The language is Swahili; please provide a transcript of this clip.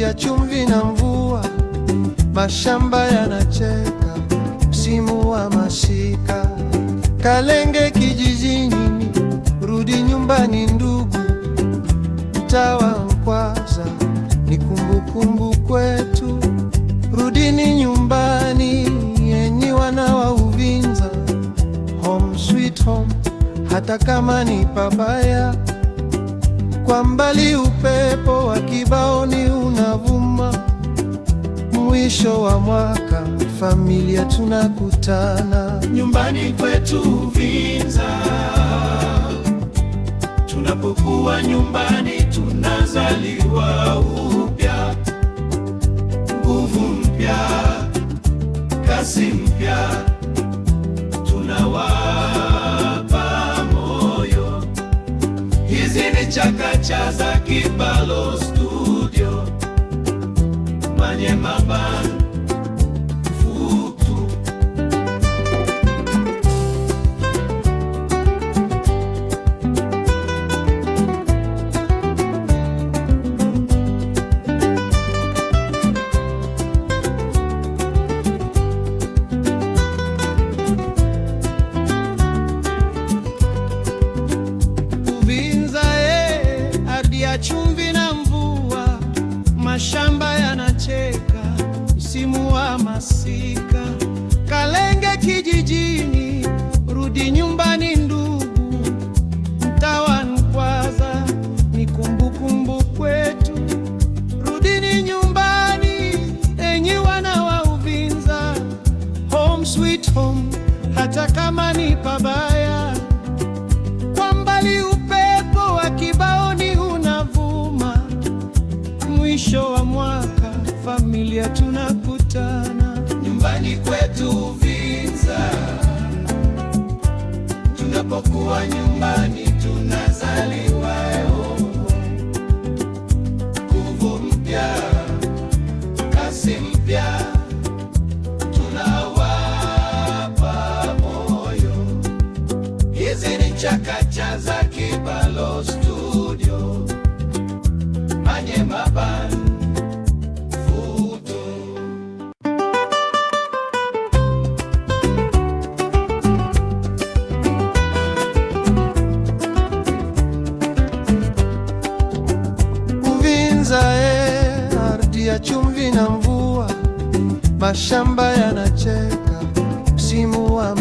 ya chumvi na mvua, mashamba yanacheka, msimu wa masika. Kalenge kijijini, rudi nyumbani ndugu, mtaa wa ni kumbukumbu kwetu. Rudini nyumbani enyi wana wa Uvinza, home sweet home, hata kama ni pabaya. Kwa mbali upepo wa kibaoni unavuma. Mwisho wa mwaka familia tunakutana nyumbani kwetu vinza tunapokuwa nyumbani Chacachas za para studio mañana. band tunacheka msimu wa masika. Kalenge kijijini, rudi nyumbani ndugu. Mtaani Kwaza ni kumbukumbu kwetu. Rudini nyumbani enyi wana wa Uvinza, home sweet home, hata kama ni pabaya. Kwa mbali upepo wa kibaoni mwisho wa mwaka familia tunakutana nyumbani kwetu Uvinza, tunapokuwa nyumbani tunazaliwa nguvu mpya, kasi mpya, tunawapa moyo. Hizi ni chakacha za Kibalo Studio Manyema. chumvi na mvua, mashamba yanacheka msimu wa